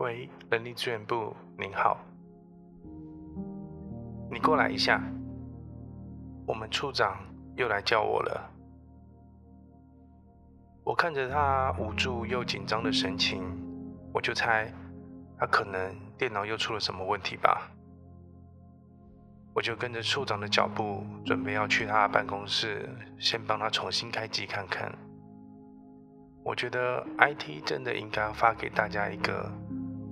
喂，人力資源部，您好。你過來一下，我們處長又來叫我了。我看着他無助又緊張的神情，我就猜他可能電腦又出了什麼問題吧。我就跟着處長的腳步，準備要去他的辦公室，先幫他重新開機看看。我覺得 IT 真的應該發給大家一個。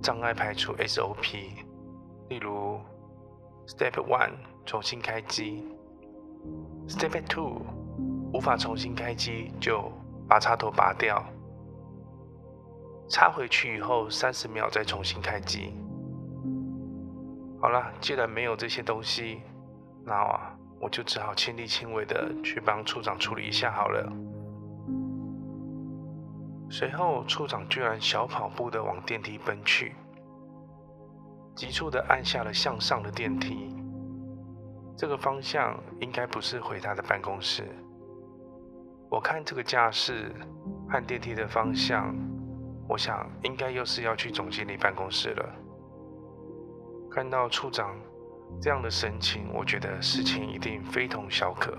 障礙排除 SOP，例如 Step One 重新開機，Step Two 無法重新開機，就把插頭拔掉，插回去以後三十秒再重新開機。好了，既然沒有這些東西，那我就只好親力親為的去幫處長處理一下好了。隨後，處長居然小跑步地往電梯奔去，急促地按下了向上的電梯。這個方向應該不是回他的辦公室。我看這個架勢和電梯的方向，我想應該又是要去總經理辦公室了。看到處長這樣的神情，我覺得事情一定非同小可。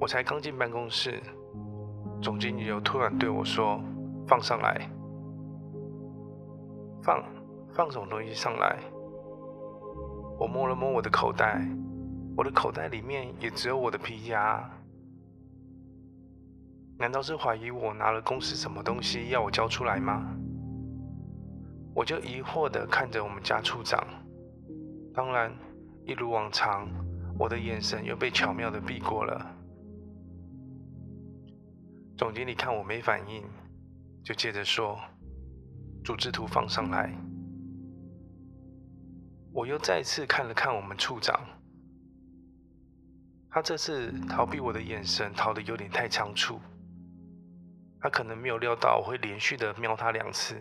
我才剛進辦公室，總經理就突然對我說：“放上來，放放什麼東西上來？”我摸了摸我的口袋，我的口袋裡面也只有我的皮夾。難道是懷疑我拿了公司什麼東西要我交出來嗎？我就疑惑的看着我們家處長，當然，一如往常，我的眼神又被巧妙的避過了。總經理看我沒反應，就接着說：“組織圖放上來。”我又再次看了看我們處長，他這次逃避我的眼神逃得有點太倉促，他可能沒有料到我會連續的瞄他兩次，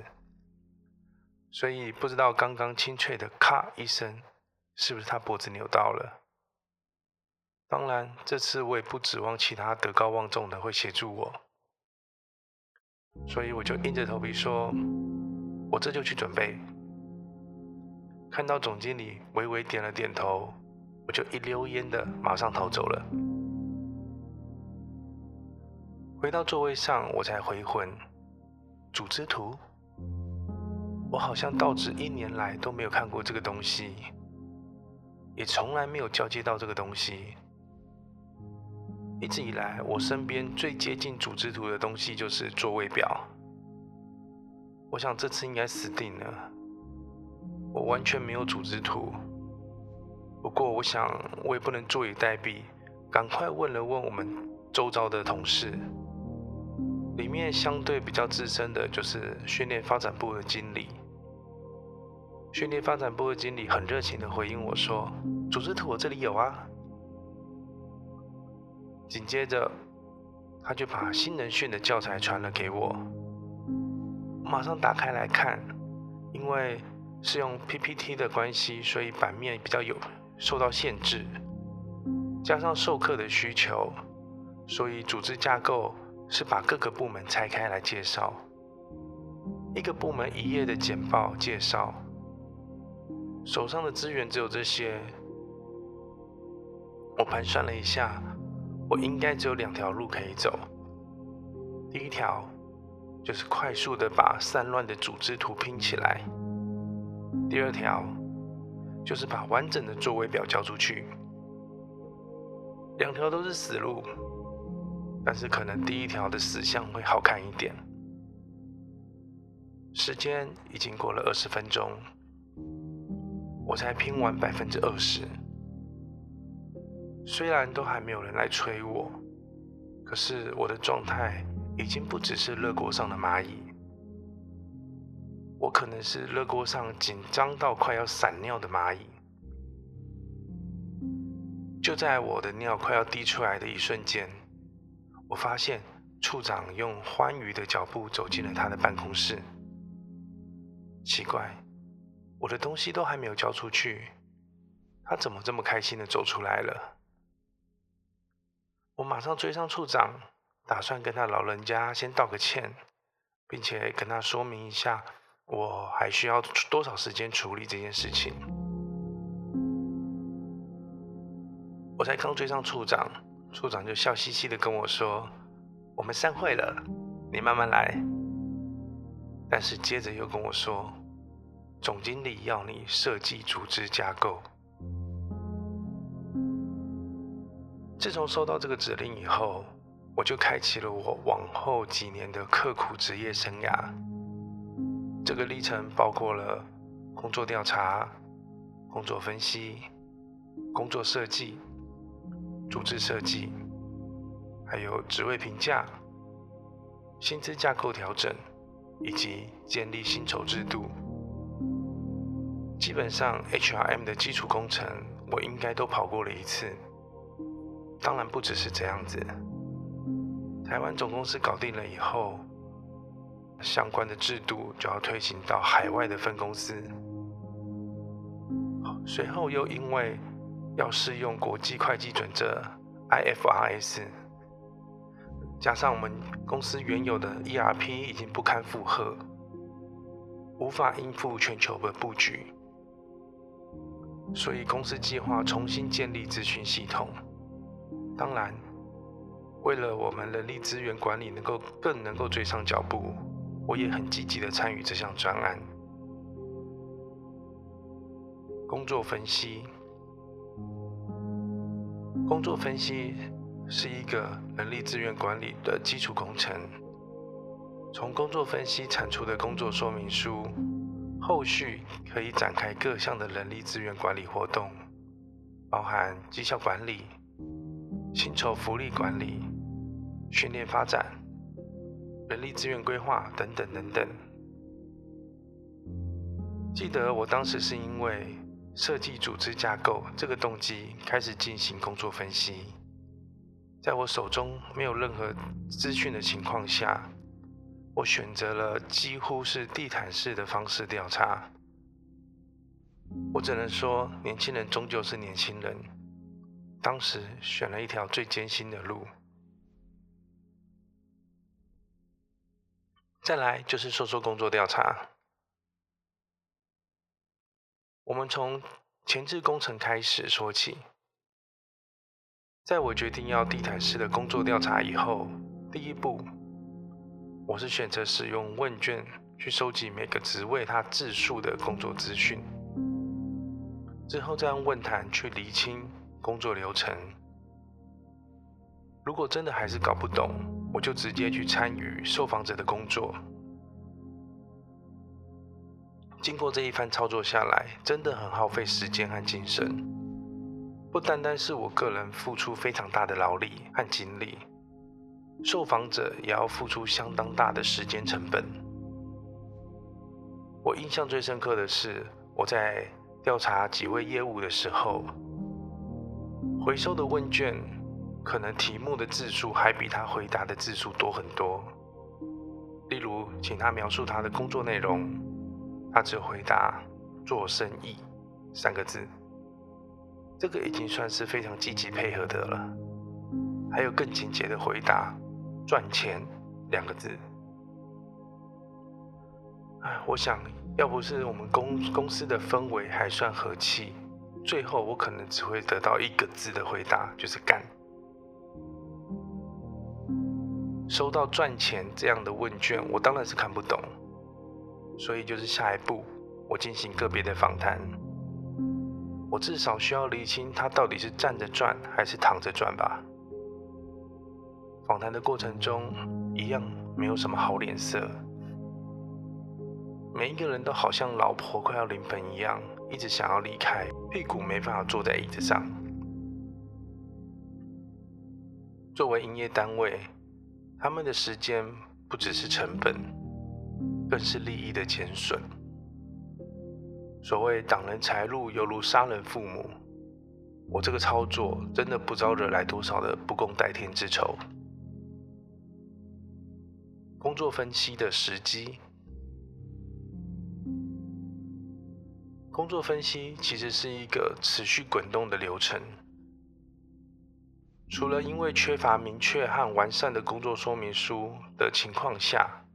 所以不知道剛剛清脆的咔一聲是不是他脖子扭到了。當然，這次我也不指望其他德高望重的會協助我。所以我就硬着頭皮說：“我這就去準備。”看到總經理微微點了點頭，我就一溜煙的馬上逃走了。回到座位上，我才回魂，組織圖？我好像到職一年來都沒有看過這個東西，也從來沒有交接到這個東西。一直以來，我身邊最接近組織圖的東西就是座位表。我想這次應該死定了。我完全沒有組織圖，不過我想我也不能坐以待斃，趕快問了問我們周遭的同事。裡面相對比較資深的就是訓練發展部的經理。訓練發展部的經理很熱情地回應我說：“組織圖我這裡有啊。”緊接着，他就把新人訓的教材傳了給我。我馬上打開來看，因為是用 PPT 的關係，所以版面比較有受到限制。加上授課的需求，所以組織架構是把各個部門拆開來介紹，一個部門一頁的簡報介紹。手上的資源只有這些，我盤算了一下。我應該只有兩條路可以走，第一條就是快速的把散亂的組織圖拼起來，第二條就是把完整的座位表交出去。兩條都是死路，但是可能第一條的死相會好看一點。時間已經過了二十分鐘，我才拼完百分之二十。雖然都還沒有人來催我，可是我的狀態已經不只是熱鍋上的螞蟻，我可能是熱鍋上緊張到快要閃尿的螞蟻。就在我的尿快要滴出來的一瞬間，我發現處長用歡愉的腳步走進了他的辦公室。奇怪，我的東西都還沒有交出去，他怎麼這麼開心的走出來了？我馬上追上處長，打算跟他老人家先道個歉，並且跟他說明一下我還需要多少時間處理這件事情。我才剛追上處長，處長就笑嘻嘻的跟我說：“我們散會了，你慢慢來。”但是接着又跟我說：“總經理要你設計組織架構。”自從收到這個指令以後，我就開啟了我往後幾年的刻苦職業生涯。這個歷程包括了工作調查、工作分析、工作設計、組織設計，還有職位評價、薪資架構調整以及建立薪酬制度。基本上，HRM 的基礎工程我應該都跑過了一次。當然不只是這樣子。台灣總公司搞定了以後，相關的制度就要推行到海外的分公司。隨後又因為要適用國際會計準則 （IFRS），加上我們公司原有的 ERP 已經不堪負荷，無法應付全球的布局，所以公司計劃重新建立資訊系統。當然，為了我們人力資源管理能夠更能夠追上腳步，我也很積極地參與這項專案。工作分析，工作分析是一個人力資源管理的基礎工程。從工作分析產出的工作說明書，後續可以展開各項的人力資源管理活動，包含績效管理。薪酬福利管理、訓練發展、人力資源規劃等等等等。記得我當時是因為設計組織架構這個動機開始進行工作分析，在我手中沒有任何資訊的情況下，我選擇了幾乎是地毯式的方式調查。我只能說，年輕人終究是年輕人。當時選了一條最艱辛的路。再來就是說說工作調查。我們從前置工程開始說起。在我決定要地毯式的工作調查以後，第一步，我是選擇使用問卷去收集每個職位他自述的工作資訊，之後再用訪談去釐清。工作流程，如果真的還是搞不懂，我就直接去參與受訪者的工作。經過這一番操作下來，真的很耗費時間和精神，不單單是我個人付出非常大的勞力和精力，受訪者也要付出相當大的時間成本。我印象最深刻的是，我在調查幾位業務的時候。回收的問卷，可能題目的字數還比他回答的字數多很多。例如，請他描述他的工作內容，他只有回答“做生意”三個字，這個已經算是非常積極配合的了。還有更簡潔的回答“賺錢”兩個字。唉，我想，要不是我們公公司的氛圍還算和氣，最後，我可能只會得到一個字的回答，就是“幹”。收到賺錢這樣的問卷，我當然是看不懂，所以就是下一步，我進行個別的訪談。我至少需要釐清他到底是站着賺還是躺着賺吧。訪談的過程中，一樣沒有什麼好臉色，每一個人都好像老婆快要臨盆一樣，一直想要離開。屁股沒辦法坐在椅子上。作為營業單位，他們的時間不只是成本，更是利益的減損。所謂擋人財路，猶如殺人父母。我這個操作真的不知道惹來多少的不共戴天之仇。工作分析的時機。工作分析其實是一個持續滾動的流程。除了因為缺乏明確和完善的工作說明書的情況下，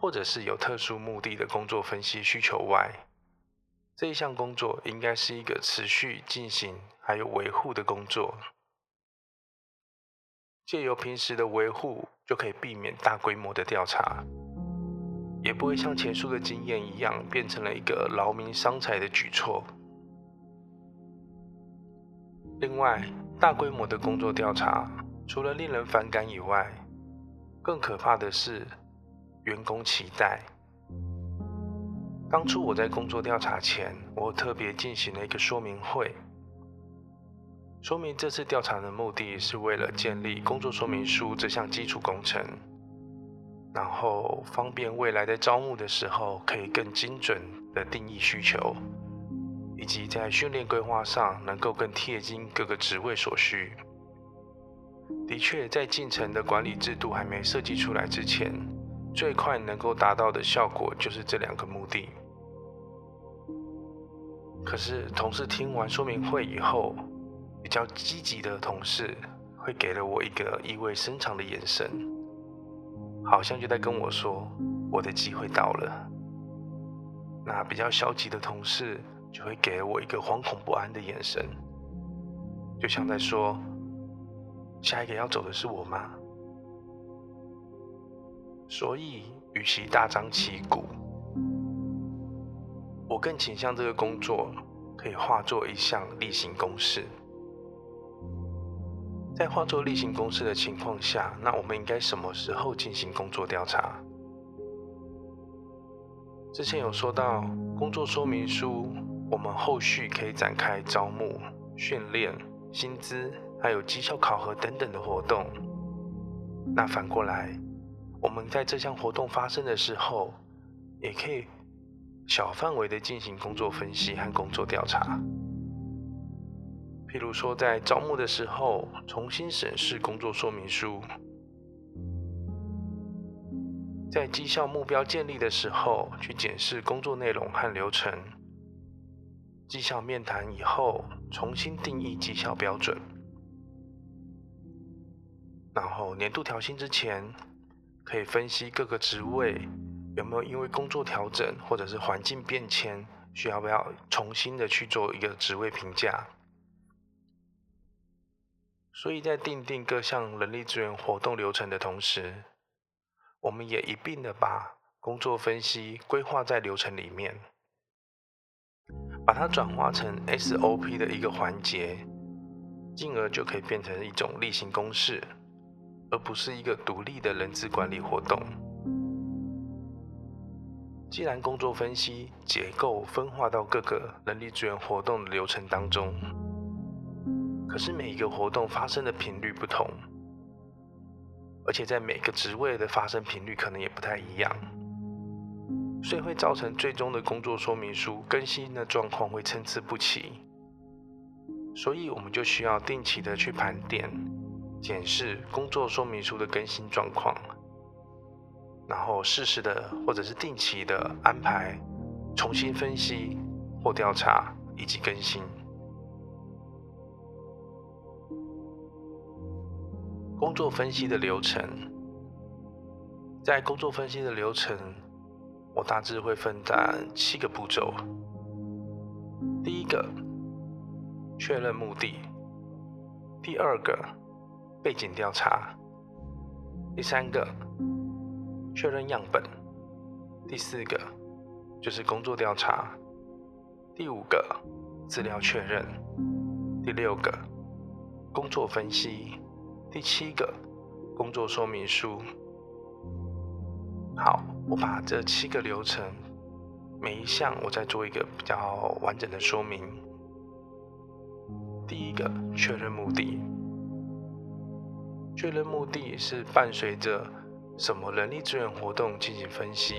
或者是有特殊目的的工作分析需求外，這一項工作應該是一個持續進行還有維護的工作。借由平時的維護，就可以避免大規模的調查。也不會像前述的經驗一樣，變成了一個勞民傷財的舉措。另外，大規模的工作調查，除了令人反感以外，更可怕的是員工期待。當初我在工作調查前，我特別進行了一個說明會，說明這次調查的目的是為了建立工作說明書這項基礎工程。然後方便未來在招募的時候，可以更精準的定義需求，以及在訓練規劃上能夠更貼近各個職位所需。的確，在進程的管理制度還沒設計出來之前，最快能夠達到的效果就是這兩個目的。可是，同事聽完說明會以後，比較積極的同事，會給了我一個意味深長的眼神。好像就在跟我說，我的機會到了。那比較消極的同事就會給我一個惶恐不安的眼神，就像在說，下一個要走的是我嗎？所以，與其大張旗鼓，我更傾向這個工作可以化作一項例行公事。在化作例行公事的情況下，那我們應該什麼時候進行工作調查？之前有說到工作說明書，我們後續可以展開招募、訓練、薪資，還有績效考核等等的活動。那反過來，我們在這項活動發生的時候，也可以小範圍的進行工作分析和工作調查。譬如說，在招募的時候重新審視工作說明書；在績效目標建立的時候，去檢視工作內容和流程；績效面談以後，重新定義績效標準；然後年度調薪之前，可以分析各個職位有沒有因為工作調整或者是環境變遷，需要不要重新的去做一個職位評價。所以在訂定各項人力資源活動流程的同時，我們也一併的把工作分析規劃在流程裡面，把它轉化成 SOP 的一個環節，進而就可以變成一種例行公事，而不是一個獨立的人資管理活動。既然工作分析結構分化到各個人力資源活動的流程當中。可是每一個活動發生的頻率不同，而且在每個職位的發生頻率可能也不太一樣，所以會造成最終的工作說明書更新的狀況會參差不齊。所以我們就需要定期的去盤點、檢視工作說明書的更新狀況，然後適時的或者是定期的安排重新分析或調查以及更新。工作分析的流程，在工作分析的流程，我大致會分擔七個步驟。第一個，確認目的；第二個，背景調查；第三個，確認樣本；第四個，就是工作調查；第五個，資料確認；第六個，工作分析。第七個，工作說明書。好，我把這七個流程每一項，我再做一個比較完整的說明。第一個，確認目的。確認目的是伴隨着什麼人力資源活動進行分析，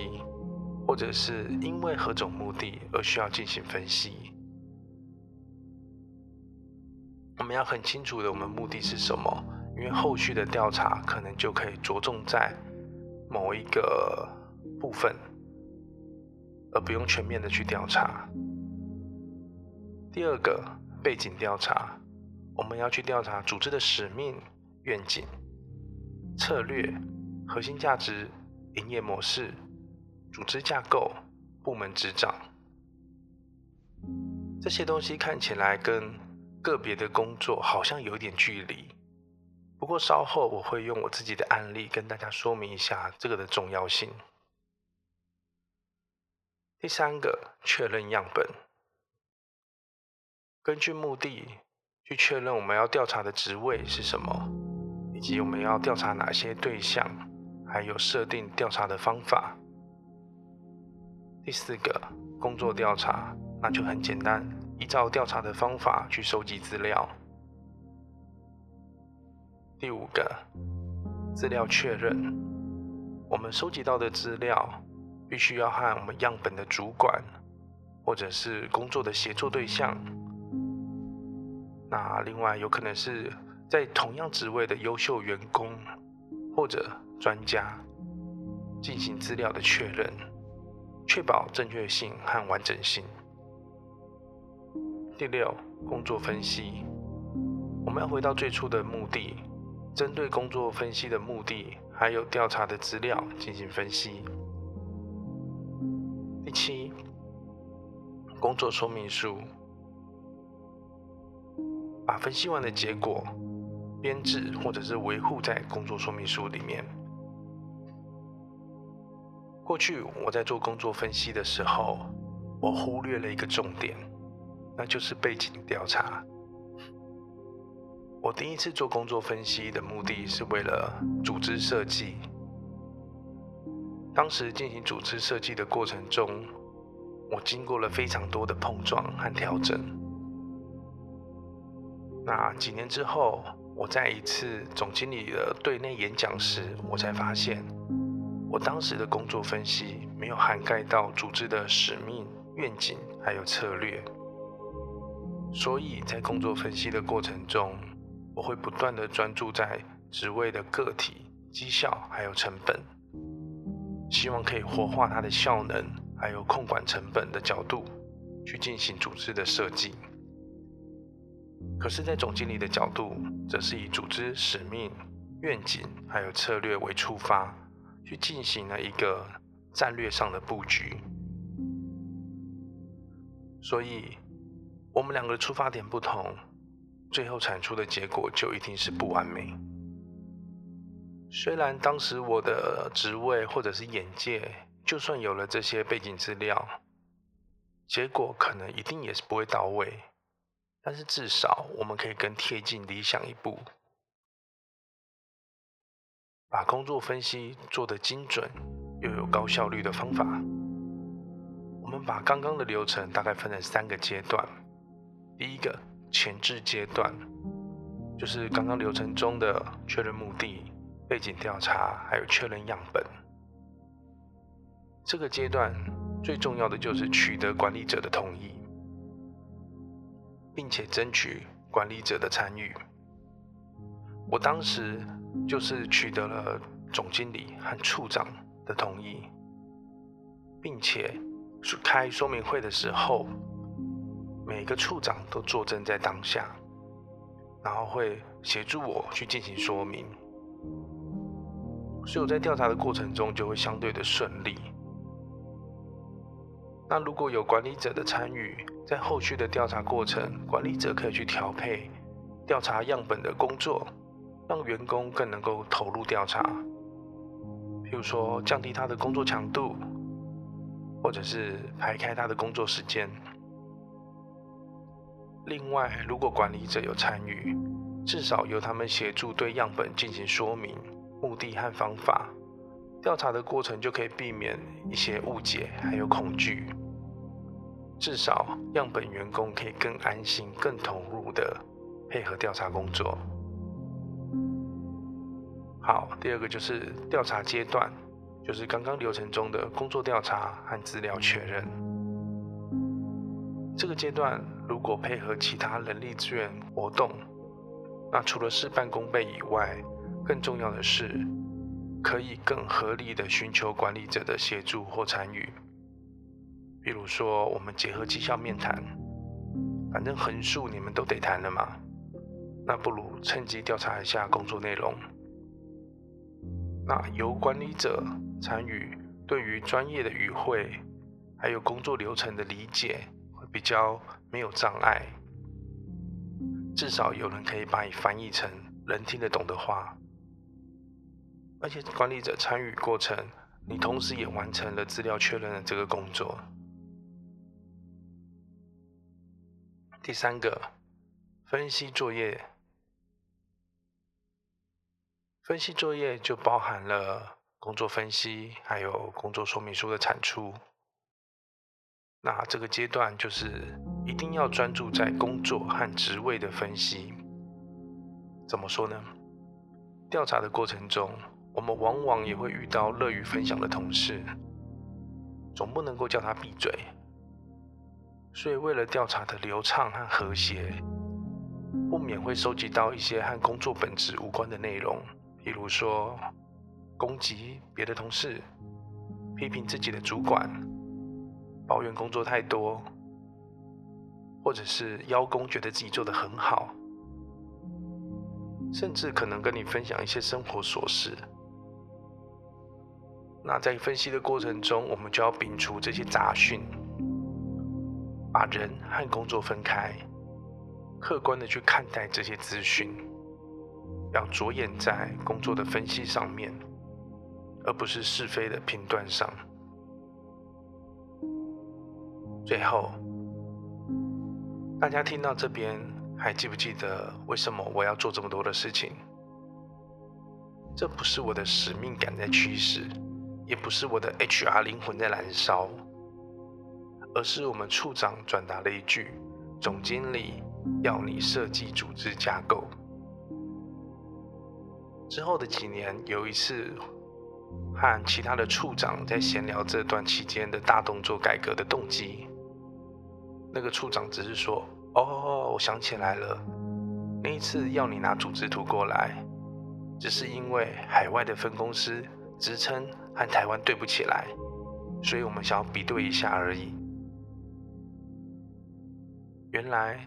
或者是因為何種目的而需要進行分析。我們要很清楚的，我們目的是什麼。因為後續的調查可能就可以着重在某一個部分，而不用全面的去調查。第二個背景調查，我們要去調查組織的使命、願景、策略、核心價值、營業模式、組織架構、部門職掌，這些東西看起來跟個別的工作好像有點距離。不過稍後我會用我自己的案例跟大家說明一下這個的重要性。第三個，確認樣本，根據目的去確認我們要調查的職位是什麼，以及我們要調查哪些對象，還有設定調查的方法。第四個，工作調查，那就很簡單，依照調查的方法去收集資料。第五個，資料確認，我們收集到的資料必須要和我們樣本的主管，或者是工作的協作對象，那另外有可能是在同樣職位的優秀員工或者專家進行資料的確認，確保正確性和完整性。第六，工作分析，我們要回到最初的目的。針對工作分析的目的，還有調查的資料進行分析。第七，工作說明書，把分析完的結果編制或者是維護在工作說明書裡面。過去我在做工作分析的時候，我忽略了一個重點，那就是背景調查。我第一次做工作分析的目的是為了組織設計。當時進行組織設計的過程中，我經過了非常多的碰撞和調整。那幾年之後，我在一次總經理的對內演講時，我才發現，我當時的工作分析沒有涵蓋到組織的使命、願景還有策略。所以在工作分析的過程中，我會不斷的專注在職位的個體績效還有成本，希望可以活化它的效能，還有控管、成本的角度去進行組織的設計。可是，在總經理的角度，則是以組織使命、願景還有策略為出發，去進行了一個戰略上的布局。所以，我們兩個的出發點不同。最後產出的結果就一定是不完美。雖然當時我的職位或者是眼界，就算有了這些背景資料，結果可能一定也是不會到位。但是至少我們可以更貼近理想一步，把工作分析做得精準又有高效率的方法。我們把剛剛的流程大概分成三個階段，第一個。前置階段，就是剛剛流程中的確認目的、背景調查，還有確認樣本。這個階段最重要的就是取得管理者的同意，並且爭取管理者的參與。我當時就是取得了總經理和處長的同意，並且開說明會的時候。每個處長都坐鎮在當下，然後會協助我去進行說明，所以我在調查的過程中就會相對的順利。那如果有管理者的參與，在後續的調查過程，管理者可以去調配調查樣本的工作，讓員工更能夠投入調查，譬如說降低他的工作強度，或者是排開他的工作時間。另外，如果管理者有參與，至少由他們協助對樣本進行說明目的和方法，調查的過程就可以避免一些誤解還有恐懼，至少樣本員工可以更安心、更投入的配合調查工作。好，第二個就是調查階段，就是剛剛流程中的工作調查和資料確認。這個階段如果配合其他人力資源活動，那除了事半功倍以外，更重要的是可以更合理的尋求管理者的協助或參與。比如說，我們結合績效面談，反正橫豎你們都得談了嘛，那不如趁機調查一下工作內容。那由管理者參與，對於專業的語彙，還有工作流程的理解。比較沒有障礙，至少有人可以把你翻譯成人聽得懂的話，而且管理者參與過程，你同時也完成了資料確認的這個工作。第三個，分析作業，分析作業就包含了工作分析，還有工作說明書的產出。那這個階段就是一定要專注在工作和職位的分析。怎麼說呢？調查的過程中，我們往往也會遇到樂於分享的同事，總不能夠叫他閉嘴。所以，為了調查的流暢和和諧，不免會收集到一些和工作本質無關的內容，比如說攻擊別的同事、批評自己的主管。抱怨工作太多，或者是邀功，覺得自己做的很好，甚至可能跟你分享一些生活瑣事。那在分析的過程中，我們就要摒除這些雜訊，把人和工作分開，客觀的去看待這些資訊，要着眼在工作的分析上面，而不是是非的評斷上。最後，大家聽到這邊，還記不記得為什麼我要做這麼多的事情？這不是我的使命感在驅使，也不是我的 HR 靈魂在燃燒，而是我們處長轉達了一句：“總經理要你設計組織架構。”之後的幾年，有一次和其他的處長在閒聊這段期間的大動作改革的動機。那個處長只是說：“哦，我想起來了，那一次要你拿組織圖過來，只是因為海外的分公司職稱和台灣對不起來，所以我們想要比對一下而已。原來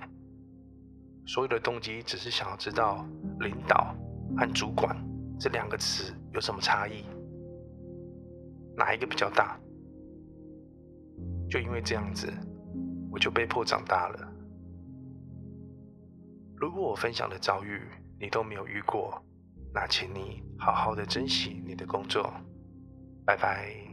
所有的動機只是想要知道領導和主管這兩個詞有什麼差異，哪一個比較大？就因為這樣子。”我就被迫長大了。如果我分享的遭遇你都沒有遇過，那請你好好的珍惜你的工作。拜拜。